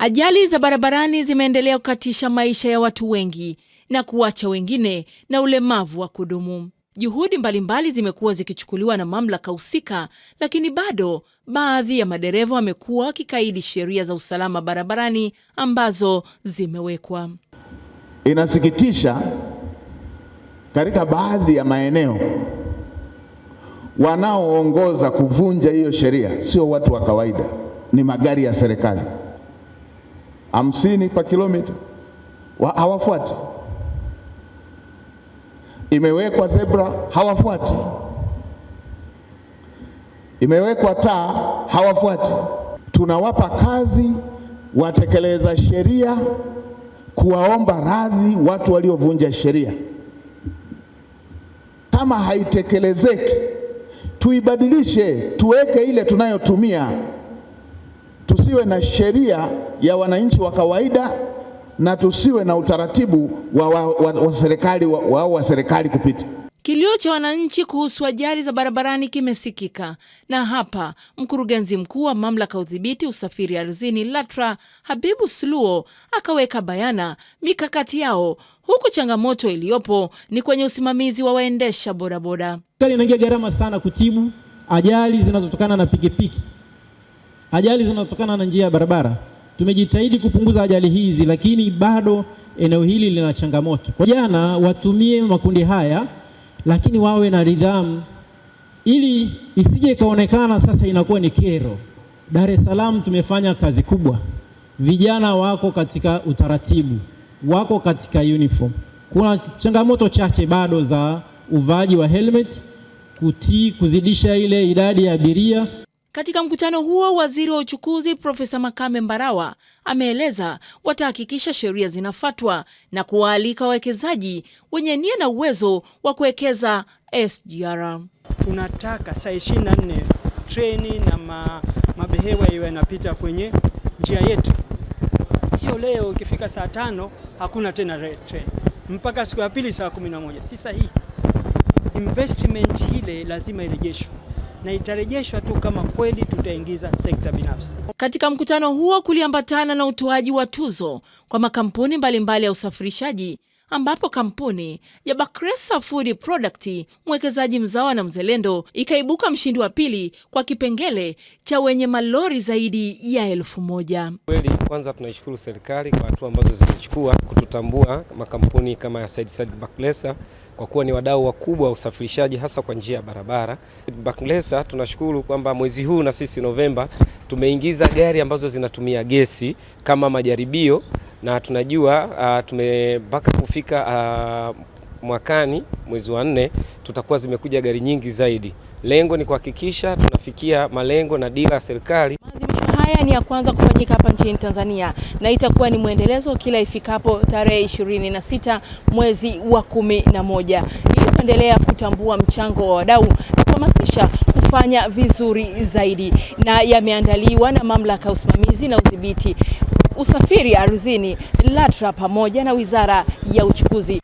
Ajali za barabarani zimeendelea kukatisha maisha ya watu wengi na kuacha wengine na ulemavu wa kudumu. Juhudi mbalimbali zimekuwa zikichukuliwa na mamlaka husika, lakini bado baadhi ya madereva wamekuwa wakikaidi sheria za usalama barabarani ambazo zimewekwa. Inasikitisha, katika baadhi ya maeneo wanaoongoza kuvunja hiyo sheria sio watu wa kawaida, ni magari ya serikali hamsini kwa kilomita, hawafuati. Imewekwa zebra, hawafuati. Imewekwa taa, hawafuati. Tunawapa kazi watekeleza sheria kuwaomba radhi watu waliovunja sheria. Kama haitekelezeki, tuibadilishe, tuweke ile tunayotumia tusiwe na sheria ya wananchi wa kawaida na tusiwe na utaratibu wa, wa, wa, wa serikali wa, wa, wa serikali kupita. Kilio cha wananchi kuhusu ajali za barabarani kimesikika, na hapa mkurugenzi mkuu wa mamlaka ya udhibiti usafiri ardhini LATRA Habibu sluo akaweka bayana mikakati yao, huku changamoto iliyopo ni kwenye usimamizi wa waendesha bodaboda. Serikali inaingia gharama sana kutibu ajali zinazotokana na pikipiki Ajali zinazotokana na njia ya barabara, tumejitahidi kupunguza ajali hizi, lakini bado eneo hili lina changamoto. Kwa jana watumie makundi haya, lakini wawe na nidhamu, ili isije ikaonekana sasa inakuwa ni kero. Dar es Salaam tumefanya kazi kubwa, vijana wako katika utaratibu, wako katika uniform. Kuna changamoto chache bado za uvaaji wa helmet, kutii kuzidisha ile idadi ya abiria. Katika mkutano huo, waziri wa uchukuzi Profesa Makame Mbarawa ameeleza watahakikisha sheria zinafuatwa na kuwaalika wawekezaji wenye nia na uwezo wa kuwekeza SGR. Tunataka saa 24 treni na ma, mabehewa hiyo yanapita kwenye njia yetu, sio leo ikifika saa tano hakuna tena treni mpaka siku ya pili saa 11. Si sahihi. Investment ile lazima irejeshwe na itarejeshwa tu kama kweli tutaingiza sekta binafsi. Katika mkutano huo kuliambatana na utoaji wa tuzo kwa makampuni mbalimbali mbali ya usafirishaji ambapo kampuni ya Bakresa Food Product, mwekezaji mzawa na mzelendo, ikaibuka mshindi wa pili kwa kipengele cha wenye malori zaidi ya elfu moja. Kweli kwanza tunaishukuru serikali kwa hatua ambazo zilichukua kututambua makampuni kama ya Said Said Bakresa kwa kuwa ni wadau wakubwa wa usafirishaji hasa kwa njia ya barabara. Bakresa tunashukuru kwamba mwezi huu na sisi Novemba tumeingiza gari ambazo zinatumia gesi kama majaribio na tunajua uh, tume mpaka kufika uh, mwakani mwezi wa nne tutakuwa zimekuja gari nyingi zaidi. Lengo ni kuhakikisha tunafikia malengo na dira ya serikali. Maadhimisho haya ni ya kwanza kufanyika hapa nchini Tanzania na itakuwa ni mwendelezo kila ifikapo tarehe na sita mwezi wa kumi na moja ili kuendelea kutambua mchango wa wadau na kuhamasisha kufanya vizuri zaidi, na yameandaliwa na mamlaka ya usimamizi na udhibiti usafiri ardhini LATRA pamoja na Wizara ya Uchukuzi.